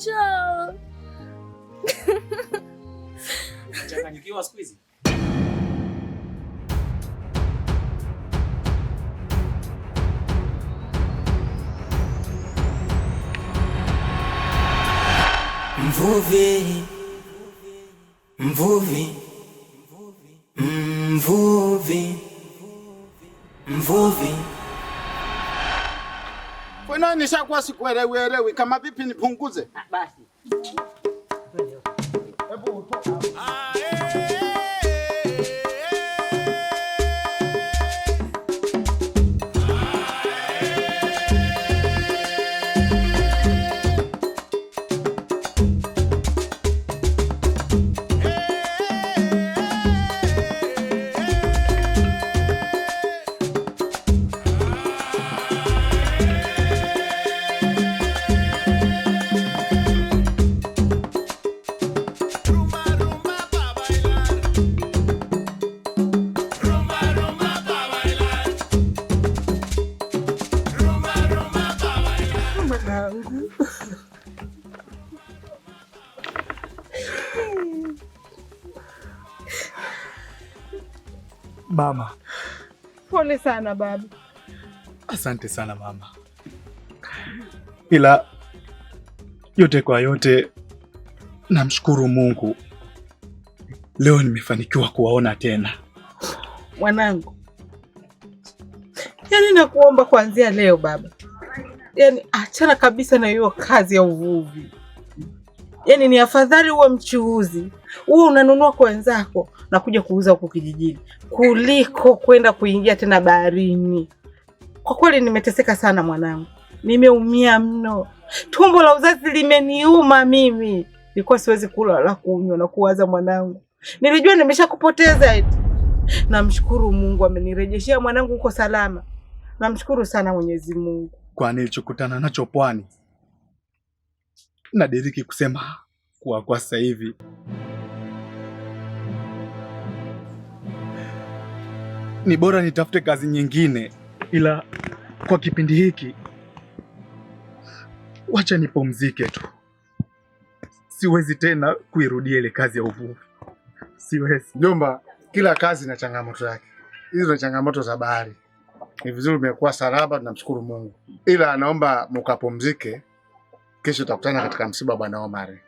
njaa. Changanyikiwa siku hizi. nishakuwa sikuelewi elewi, kama vipi nipunguze? Ah, basi. Pole sana baba. Asante sana mama, ila yote kwa yote namshukuru Mungu, leo nimefanikiwa kuwaona tena mwanangu. Yaani nakuomba kuanzia leo baba, yaani achana kabisa na hiyo kazi ya uvuvi yani ni afadhali uwe mchuuzi uwe unanunua kwa wenzako na kuja kuuza huko kijijini kuliko kwenda kuingia tena baharini. Kwa kweli nimeteseka sana mwanangu, nimeumia mno, tumbo la uzazi limeniuma mimi. Nilikuwa siwezi kula wala kunywa na kuwaza mwanangu, nilijua nimeshakupoteza eti. Namshukuru Mungu amenirejeshea mwanangu huko salama, namshukuru sana Mwenyezi Mungu kwa nilichokutana nacho pwani nadiriki kusema kuwa kwa sasa hivi ni bora nitafute kazi nyingine, ila kwa kipindi hiki wacha nipumzike tu. Siwezi tena kuirudia ile kazi ya uvuvi, siwezi. Jomba, kila kazi na changamoto yake. Hizo ni changamoto za bahari. Ni vizuri umekuwa salama, tunamshukuru Mungu, ila anaomba mukapumzike Kesho tutakutana ah. katika msiba bwana Omar.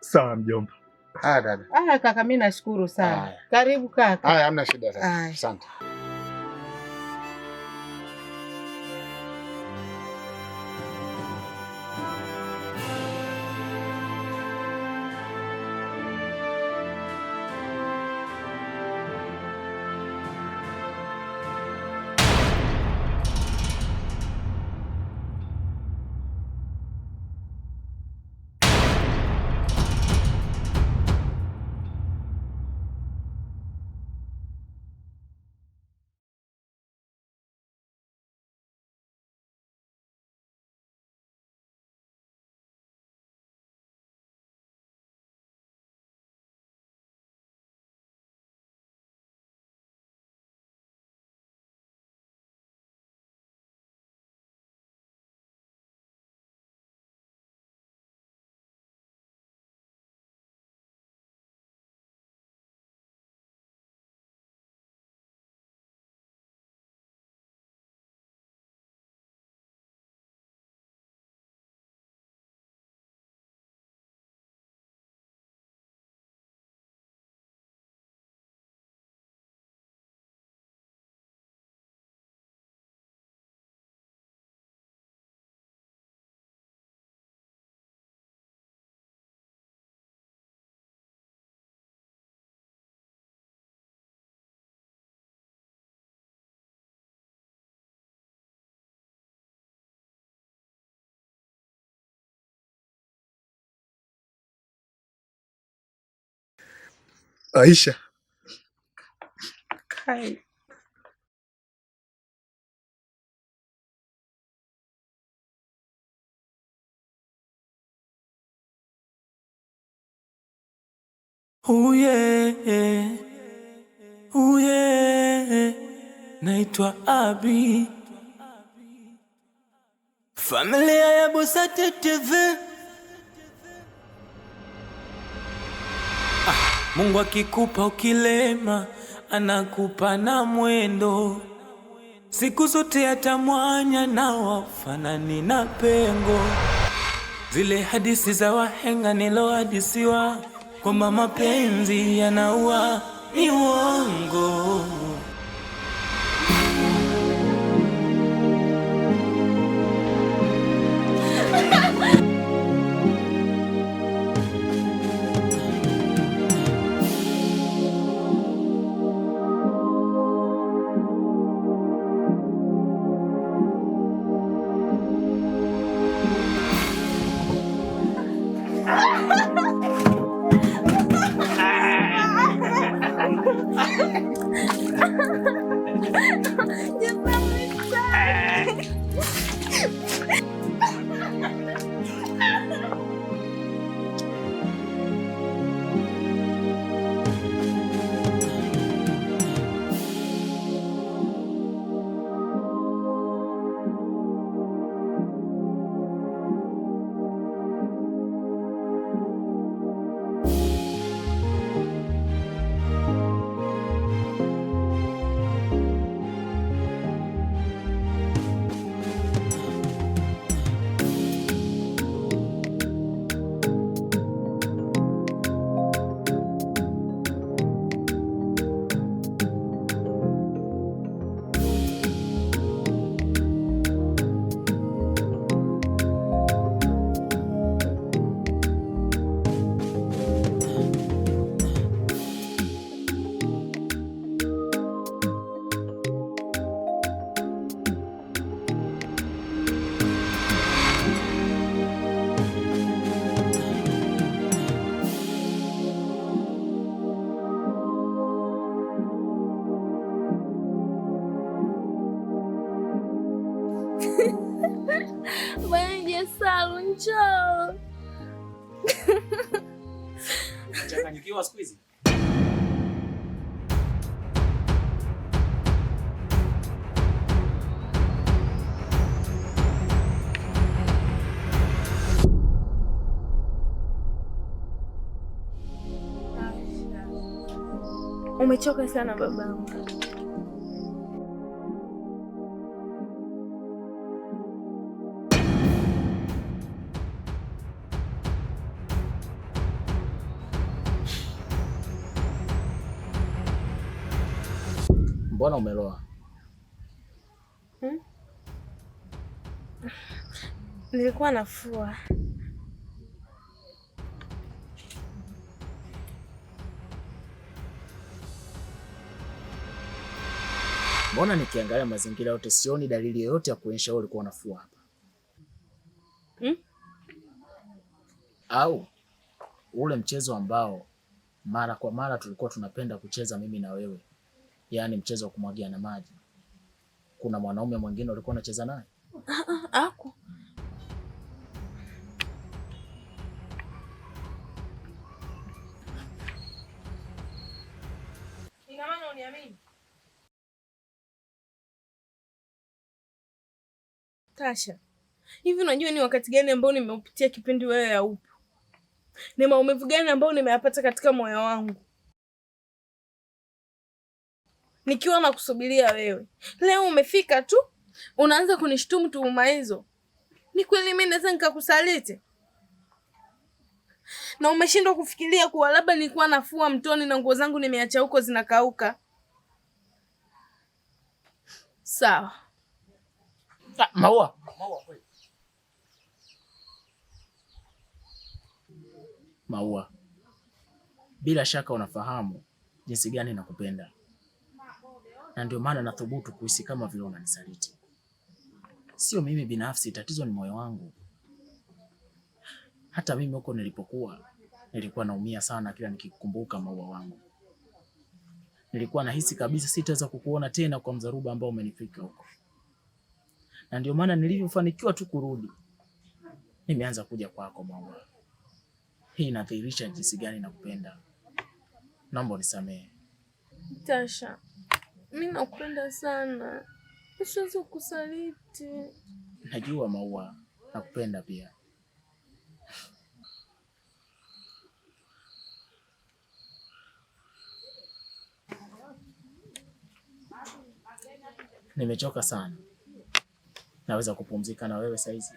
Sawa ah, mjomba. Haya dada. Haya ah, kaka, mimi nashukuru sana. Karibu kaka. Haya, hamna shida sasa. Asante. Aisha Kai. Oh Oh yeah, yeah. yeah, yeah. naitwa Abi, familia ya Busati TV. Ah. Mungu akikupa ukilema, anakupa na mwendo siku zote, atamwanya na wafanani na pengo. Zile hadithi za wahenga nilohadisiwa kwamba mapenzi yanaua ni uongo. Nimechoka sana babangu. Mbona umeloa? Hmm? Nilikuwa nafua Mbona nikiangalia mazingira yote sioni dalili yoyote ya kuonyesha wewe ulikuwa unafua hapa hmm? Au ule mchezo ambao mara kwa mara tulikuwa tunapenda kucheza mimi na wewe, yaani mchezo wa kumwagia na maji, kuna mwanaume mwingine ulikuwa unacheza naye? Ah, ah, Ako ina maana uniamini? Tasha, hivi unajua ni wakati gani ambao nimeupitia kipindi wewe haupo? Ni maumivu gani ambayo nimeyapata katika moyo wangu nikiwa nakusubiria wewe? Leo umefika tu unaanza kunishtumu tuhuma hizo. Ni kweli mimi naweza nikakusaliti? Na umeshindwa kufikiria kuwa labda nilikuwa nafua mtoni na nguo zangu nimeacha huko zinakauka? Sawa, maua? Maua Maua. Bila shaka unafahamu jinsi gani nakupenda. Na ndio maana nathubutu kuhisi kama vile unanisaliti. Sio mimi binafsi, tatizo ni moyo wangu. Hata mimi huko nilipokuwa nilikuwa naumia sana kila nikikumbuka maua wangu. Nilikuwa nahisi kabisa sitaweza kukuona tena kwa mzaruba ambao umenifika huko na ndio maana nilivyofanikiwa tu kurudi nimeanza kuja kwako mama. Hii inadhihirisha jinsi gani nakupenda. Naomba unisamehe Tasha, mi nakupenda sana, usiweze kusaliti. Najua Maua, nakupenda pia. Nimechoka sana naweza kupumzika na wewe saizi.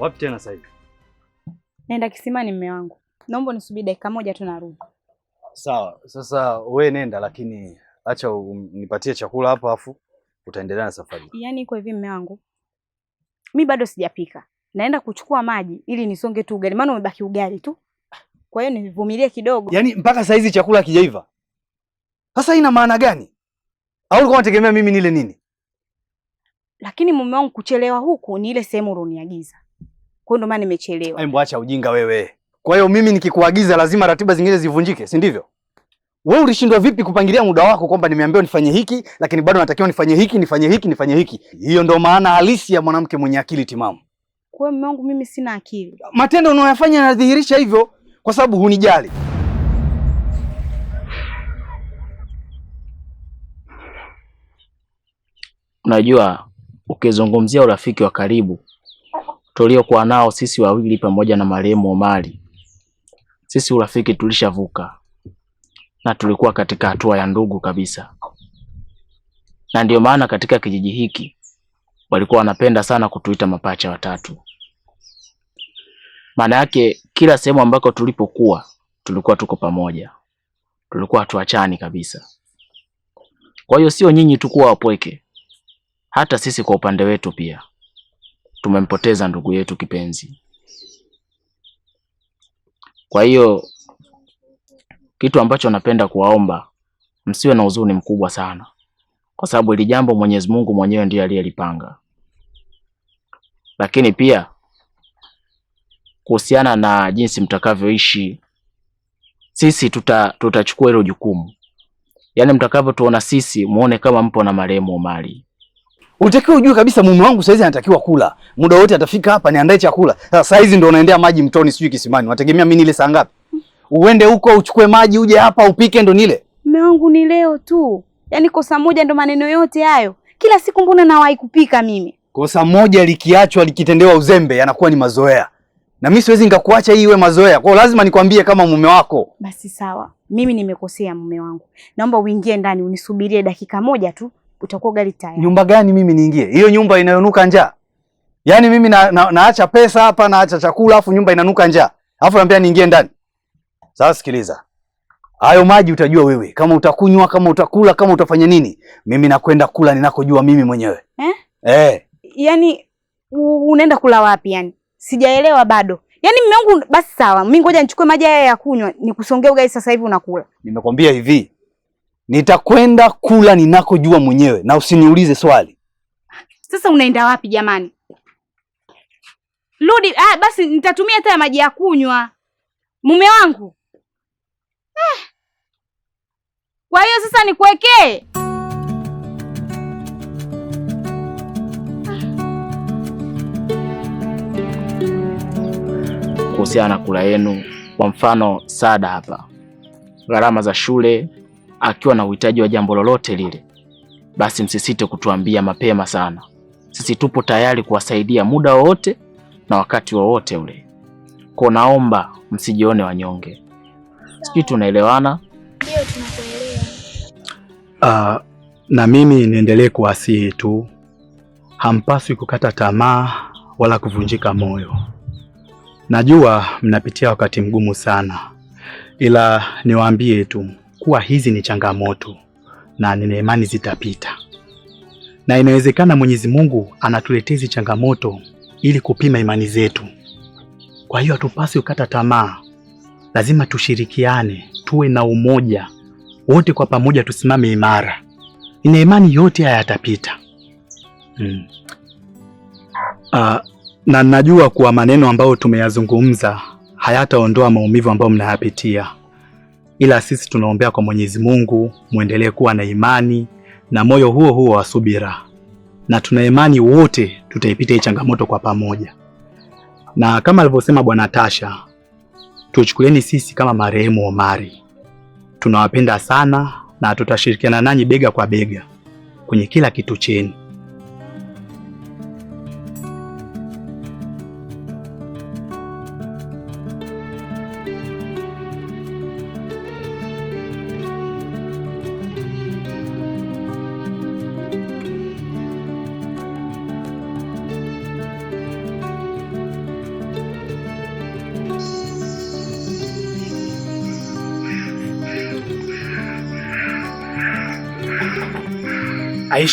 Wapi tena sasa hivi? Naenda kisimani, mume wangu. Naomba nisubiri dakika moja tu, narudi. Sawa, sasa we nenda, lakini acha nipatie chakula hapa, afu utaendelea na safari. Yaani iko hivi mume wangu, Mimi bado sijapika, naenda kuchukua maji ili nisonge tu ugali, maana umebaki ugali tu. Kwa hiyo nivumilie kidogo. Yaani mpaka saa hizi chakula kijaiva. sasa ina maana gani? Au ulikuwa unategemea mimi nile nini? Lakini mume wangu, kuchelewa huku ni ile sehemu ulioniagiza. Kwa hiyo maana nimechelewa. Hebu yaani acha ujinga wewe. Kwa hiyo mimi nikikuagiza lazima ratiba zingine zivunjike, si ndivyo? Wewe ulishindwa vipi kupangilia muda wako kwamba nimeambiwa nifanye hiki lakini bado natakiwa nifanye hiki, nifanye hiki, nifanye hiki. Hiyo ndo maana halisi ya mwanamke mwenye akili timamu. Kwa mume wangu mimi sina akili. Matendo unayofanya yanadhihirisha hivyo kwa sababu hunijali. Unajua ukizungumzia urafiki wa karibu tuliokuwa nao sisi wawili pamoja na marehemu Omari, sisi urafiki tulishavuka na tulikuwa katika hatua ya ndugu kabisa, na ndio maana katika kijiji hiki walikuwa wanapenda sana kutuita mapacha watatu. Maana yake kila sehemu ambako tulipokuwa tulikuwa tuko pamoja, tulikuwa hatuachani kabisa. Kwa hiyo sio nyinyi tu kuwa wapweke, hata sisi kwa upande wetu pia tumempoteza ndugu yetu kipenzi. Kwa hiyo kitu ambacho napenda kuwaomba, msiwe na huzuni mkubwa sana, kwa sababu ili jambo Mwenyezi Mungu mwenyewe ndiye aliyelipanga. Lakini pia kuhusiana na jinsi mtakavyoishi, sisi tuta tutachukua hilo jukumu, yaani mtakavyotuona sisi muone kama mpo na marehemu Omari utakiwa ujue kabisa mume wangu saizi anatakiwa kula. Muda wote atafika hapa niandae chakula. Sasa saizi ndo unaendea maji mtoni sijui kisimani. Unategemea mimi nile saa ngapi? Uende huko uchukue maji uje hapa upike ndo nile. Mume wangu ni leo tu. Yaani kosa moja ndo maneno yote hayo. Kila siku mbona nawahi kupika mimi? Kosa moja likiachwa likitendewa uzembe yanakuwa ni mazoea. Na mimi siwezi nikakuacha hii iwe mazoea. Kwa hiyo lazima nikwambie kama mume wako. Basi sawa. Mimi nimekosea mume wangu. Naomba uingie ndani unisubirie dakika moja tu utakuwa gari tayari. Nyumba gani mimi niingie? Hiyo nyumba inayonuka njaa. Yaani mimi na, na, naacha pesa hapa, naacha chakula afu nyumba inanuka njaa. afu naambia niingie ndani. Sasa sikiliza. Hayo maji utajua wewe kama utakunywa, kama utakula, kama utafanya nini. Mimi nakwenda kula ninakojua mimi mwenyewe. Eh? Eh. Yaani unaenda kula wapi yani? Sijaelewa bado. Yaani mume wangu basi sawa. Mimi ngoja nichukue maji haya ya kunywa, nikusongee ugali sasa hivi unakula. Nimekwambia hivi. Nitakwenda kula ninakojua mwenyewe na usiniulize swali. Sasa unaenda wapi jamani? Rudi ah, basi nitatumia hata maji ya kunywa mume wangu eh. Kwa hiyo sasa nikuwekee kuhusiana na kula yenu, kwa mfano sada hapa, gharama za shule akiwa na uhitaji wa jambo lolote lile, basi msisite kutuambia mapema sana. Sisi tupo tayari kuwasaidia muda wowote na wakati wowote ule. Kwa naomba msijione wanyonge. Sijui tunaelewana? Uh, na mimi niendelee kuwasihi tu, hampaswi kukata tamaa wala kuvunjika moyo. Najua mnapitia wakati mgumu sana, ila niwaambie tu kuwa hizi ni changamoto na nina imani zitapita, na inawezekana Mwenyezi Mungu anatuletea hizi changamoto ili kupima imani zetu. Kwa hiyo hatupasi kukata tamaa, lazima tushirikiane, tuwe na umoja wote, kwa pamoja tusimame imara. Nina imani yote haya yatapita. Hmm. Uh, na najua kuwa maneno ambayo tumeyazungumza hayataondoa maumivu ambayo mnayapitia ila sisi tunaombea kwa Mwenyezi Mungu muendelee kuwa na imani na moyo huo huo wa subira, na tuna imani wote tutaipita hii changamoto kwa pamoja. Na kama alivyosema Bwana Tasha, tuchukulieni sisi kama marehemu Omari, tunawapenda sana na tutashirikiana nanyi bega kwa bega kwenye kila kitu chenu. 哎呀！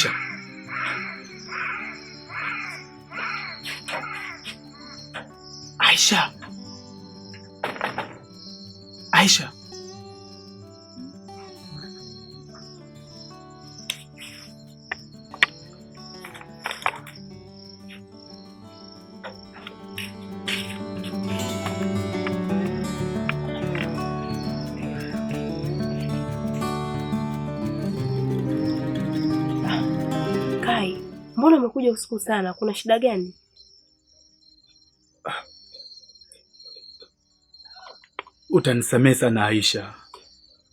usiku sana, kuna shida gani? Utanisamehe sana Aisha,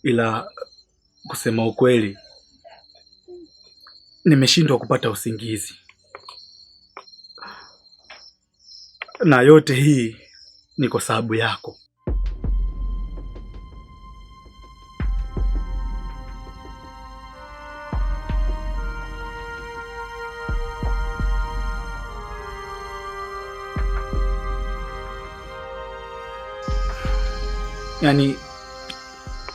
ila kusema ukweli nimeshindwa kupata usingizi, na yote hii ni kwa sababu yako. yani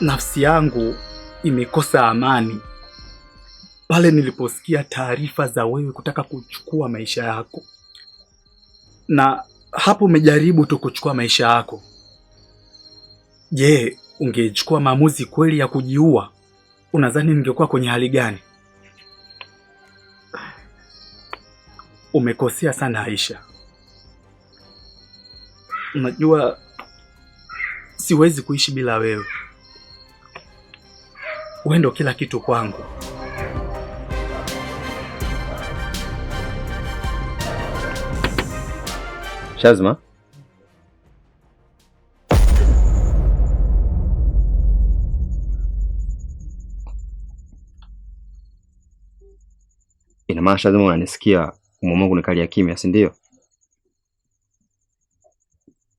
nafsi yangu imekosa amani pale niliposikia taarifa za wewe kutaka kuchukua maisha yako, na hapo umejaribu tu kuchukua maisha yako. Je, ungechukua maamuzi kweli ya kujiua, unadhani ningekuwa kwenye hali gani? Umekosea sana Aisha. Unajua siwezi kuishi bila wewe. Wewe ndo kila kitu kwangu. Shazma, ina maana Shazma, unanisikia? Mume wangu ni kali ya kimya, si ndio?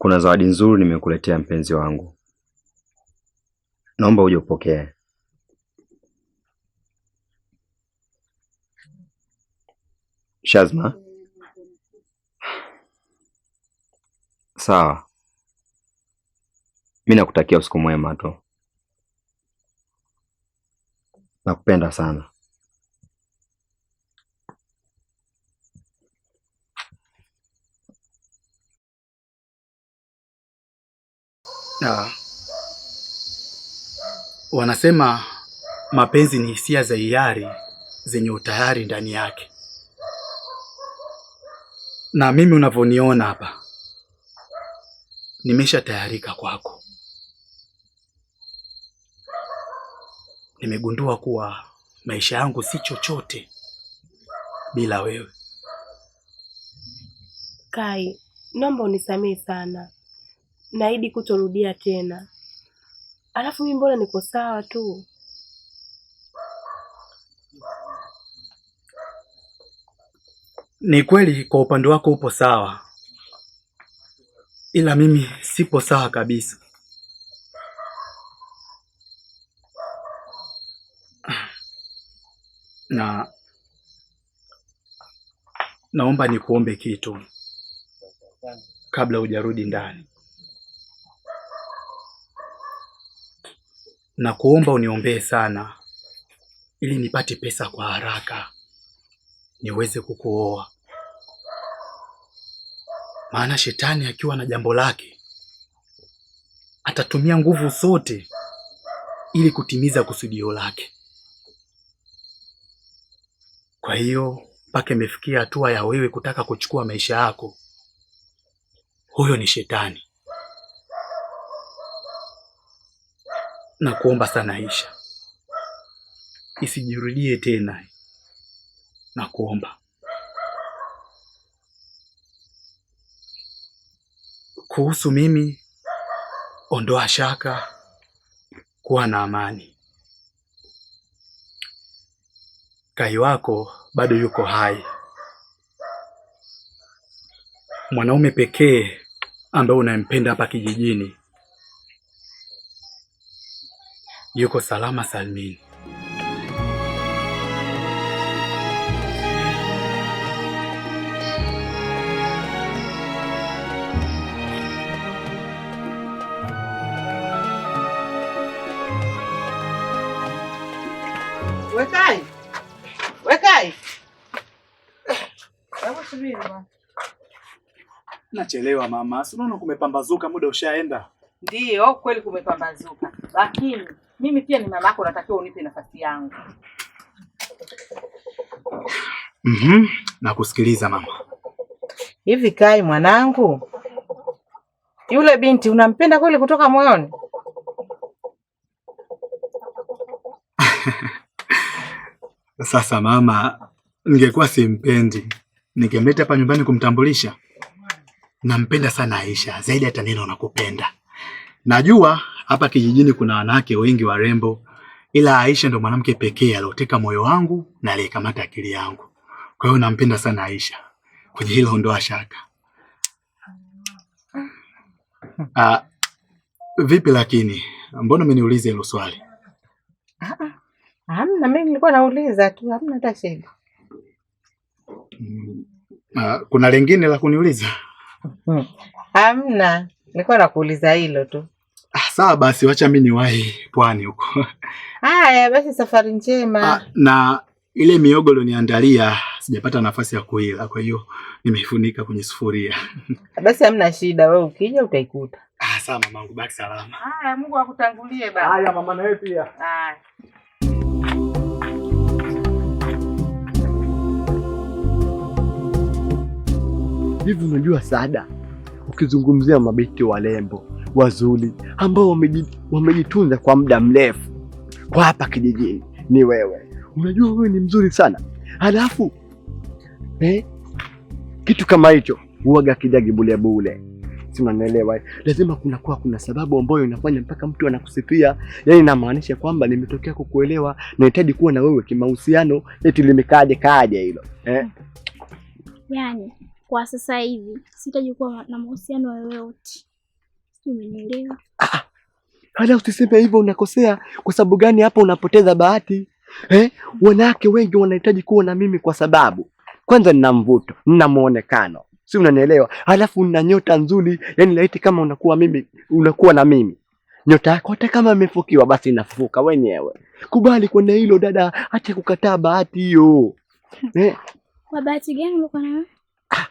Kuna zawadi nzuri nimekuletea mpenzi wangu, naomba uje upokee. Shazma, sawa, mi nakutakia usiku mwema tu, nakupenda sana. Na wanasema mapenzi ni hisia za hiari zenye utayari ndani yake, na mimi unavyoniona hapa, nimeshatayarika kwako. Nimegundua kuwa maisha yangu si chochote bila wewe. Kai, naomba unisamehe sana naahidi kutorudia tena. Alafu mimi mbona niko sawa tu. Ni kweli kwa upande wako upo sawa, ila mimi sipo sawa kabisa. Na naomba nikuombe kitu kabla hujarudi ndani. na kuomba uniombee sana, ili nipate pesa kwa haraka niweze kukuoa, maana shetani akiwa na jambo lake atatumia nguvu zote ili kutimiza kusudio lake. Kwa hiyo mpaka imefikia hatua ya wewe kutaka kuchukua maisha yako, huyo ni shetani. na kuomba sana Aisha, isijirudie tena, na kuomba kuhusu mimi, ondoa shaka, kuwa na amani. Kai wako bado yuko hai, mwanaume pekee ambaye unayempenda hapa kijijini yuko salama salmini. nachelewa mama, si unaona kumepambazuka, muda ushaenda. ndio kweli kumepambazuka, lakini mimi pia ni mama yako, natakiwa unipe nafasi yangu. mm -hmm. Nakusikiliza mama. Hivi Kai mwanangu, yule binti unampenda kweli kutoka moyoni? Sasa mama, ningekuwa simpendi ningemleta hapa nyumbani kumtambulisha. Nampenda sana Aisha zaidi hata neno nakupenda. Najua hapa kijijini kuna wanawake wengi warembo, ila Aisha ndo mwanamke pekee alioteka moyo wangu na aliyekamata akili yangu. Kwa hiyo nampenda sana Aisha, kwenye hilo ondoa shaka. Ah, vipi lakini, mbona umeniuliza hilo swali? Ah, ah, hamna, mimi nilikuwa nauliza tu, hamna hata shida. Mm, ah, kuna lingine la kuniuliza? Hmm, hamna, nilikuwa nakuuliza hilo tu. Ah, sawa basi, wacha mimi niwahi pwani huko. Haya basi, safari njema. Ah, na ile miogo ulioniandalia sijapata nafasi ya kuila, kwa hiyo nimeifunika kwenye sufuria. Basi hamna shida, wewe ukija utaikuta. Ah, sawa mamangu, baki salama. Haya, Mungu akutangulie baba. Haya mama, na wewe pia. Haya. Hivi unajua Sada, ukizungumzia mabinti warembo wazuri ambao wamejitunza kwa muda mrefu kwa hapa kijijini ni wewe. Unajua wewe ni mzuri sana halafu eh, kitu kama hicho huaga kijagi bule bule, si unanielewa? Lazima kunakuwa kuna sababu ambayo inafanya mpaka mtu anakusifia. yani namaanisha kwamba nimetokea kukuelewa, nahitaji kuwa na wewe kimahusiano, eti limekaje kaje hilo eh? Yani kwa sasa hivi sitaji kuwa na mahusiano yoyote Umenielewa? Ah, usiseme hivyo, unakosea. Kwa sababu gani? Hapo unapoteza bahati eh? Wanawake wengi wanahitaji kuwa na mimi kwa sababu kwanza nina mvuto, nina muonekano, si unanielewa? Halafu nina nyota nzuri, yani laiti kama unakuwa mimi, unakuwa na mimi nyota yako hata kama imefukiwa basi inafuka wenyewe. Kubali kwenye hilo dada, acha kukataa bahati hiyo. Eh, kwa bahati gani ulikuwa nayo? Ah,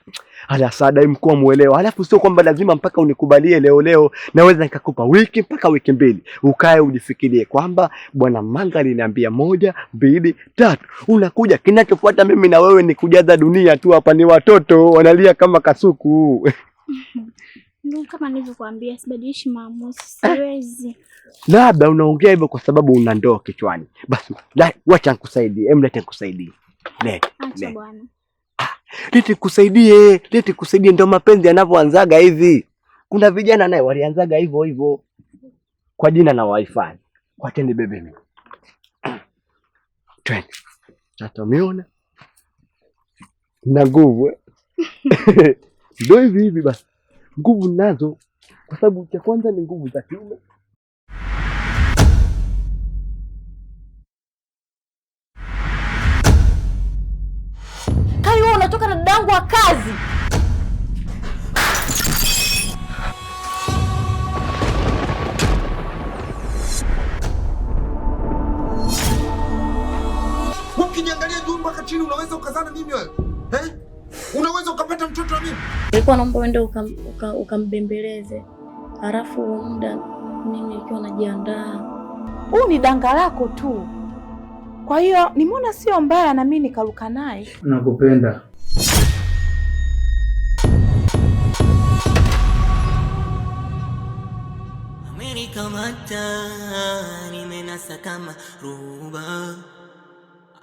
Alasada mkuwa mwelewa. Halafu sio kwamba lazima mpaka unikubalie leo leo, naweza nikakupa wiki mpaka wiki mbili, ukae ujifikirie kwamba bwana Manga aliniambia moja, mbili, tatu. Unakuja kinachofuata, mimi na wewe ni kujaza dunia tu. Hapa ni watoto wanalia kama kasuku kama nilivyokuambia sibadilishi maamuzi, eh? siwezi. Labda unaongea hivyo kwa sababu una ndoo kichwani. Basi wacha nikusaidie, emlete nikusaidie. Acha bwana leti kusaidie, leti kusaidie. Ndio mapenzi yanavyoanzaga hivi. Kuna vijana naye walianzaga hivyo hivyo kwa jina na waifani kwa tendi bebe mimi twende atamiona na nguvu eh? ndio hivi hivi basi, nguvu nazo kwa sababu cha kwanza ni nguvu za kiume Tafadhali wewe unatoka na dadangu wa kazi. Ukiniangalia juu mpaka chini unaweza ukazana mimi wewe. Eh? Unaweza ukapata mtoto wa mimi? Nilikuwa naomba uende ukambembeleze uka, uka halafu muda mimi nikiwa najiandaa. Huu ni danga lako tu. Kwa hiyo nimeona sio mbaya na mimi nikaruka naye. Nakupenda. Kamata nimenasa kama ruba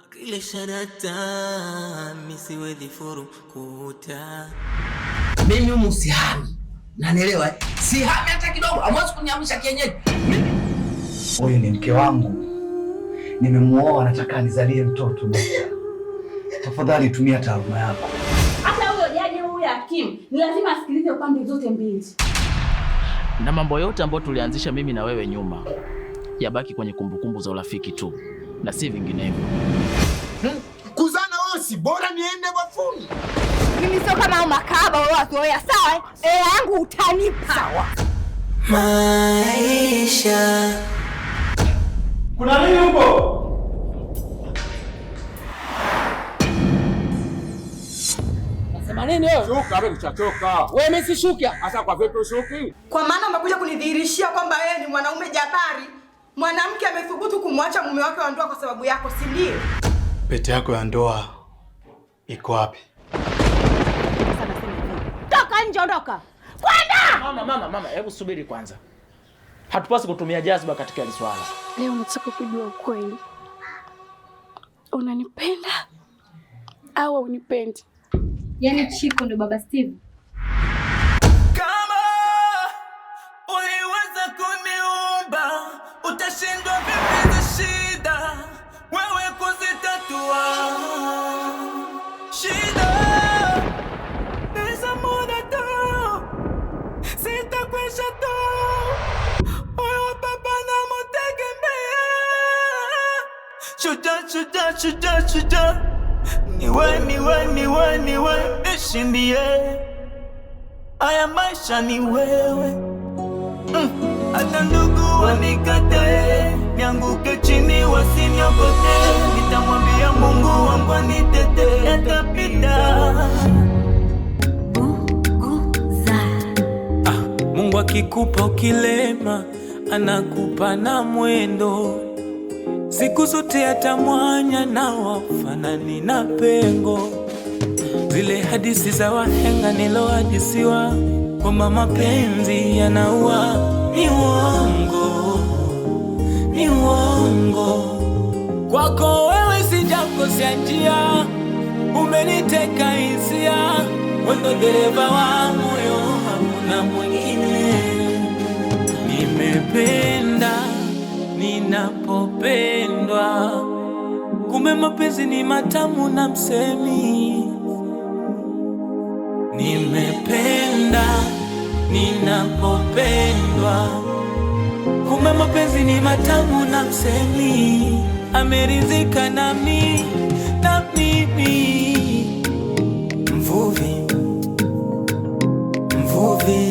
akile sharata misiwezi kuta Mimi humu sihami, nanielewa, sihami hata kidogo. Amwezi kuniamsha kienyeji. Huyu ni mke wangu. Nimemuoa, nataka nizalie mtoto. Dokta, tafadhali tumia taaluma yako. Hata huyo jaji huyo hakimu ni lazima asikilize upande zote mbili, na mambo yote ambayo tulianzisha mimi na wewe nyuma yabaki kwenye kumbukumbu za urafiki tu na si vinginevyo. Hmm, kuzana wosi bora niende wafuni. Mimi sio kama au wewe wawazoea. Sawa, hela eh, yangu utanipa. Sawa maisha kuna nini huko? nini wewe? Shuka wewe Wewe Sasa kwa vipi ushuki? Kwa maana umekuja kunidhihirishia kwamba wewe ni mwanaume jabari. Mwanamke amethubutu kumwacha mume wake wa ndoa kwa sababu yako, si ndio? Pete yako ya ndoa iko wapi? Toka nje, ondoka. Kwenda! Mama, mama, mama, hebu subiri kwanza. Hatupasi kutumia jazba katika hili swala. Leo nataka kujua ukweli, unanipenda au unipendi? Yaani Chiko ndo baba Steve? Kama uliweza kuniumba, utashindwa vipi shida wewe kuzitatua? shida shida shida, niwe niwe niwe niwe nishindie haya maisha, ni wewe mm. hata mm. Ndugu wanikatae nianguke chini wasiniokote, nitamwambia Mungu wangu anitete, yatapita ah, Mungu akikupa ukilema anakupa na mwendo siku zote atamwanya na wafanani na pengo. Zile hadisi za wahenga nilohadisiwa kwamba mapenzi yanaua ni uongo, ni uongo. Kwako wewe sijakosea njia, umeniteka hisia, wendo dereva wa moyo, hamuna mwingine. Nimependa ninapopenda kume mapenzi ni matamu na msemi. Nimependa ninapopendwa, kume mapenzi ni matamu na msemi. Ameridhika nami na mimi mvuvi mvuvi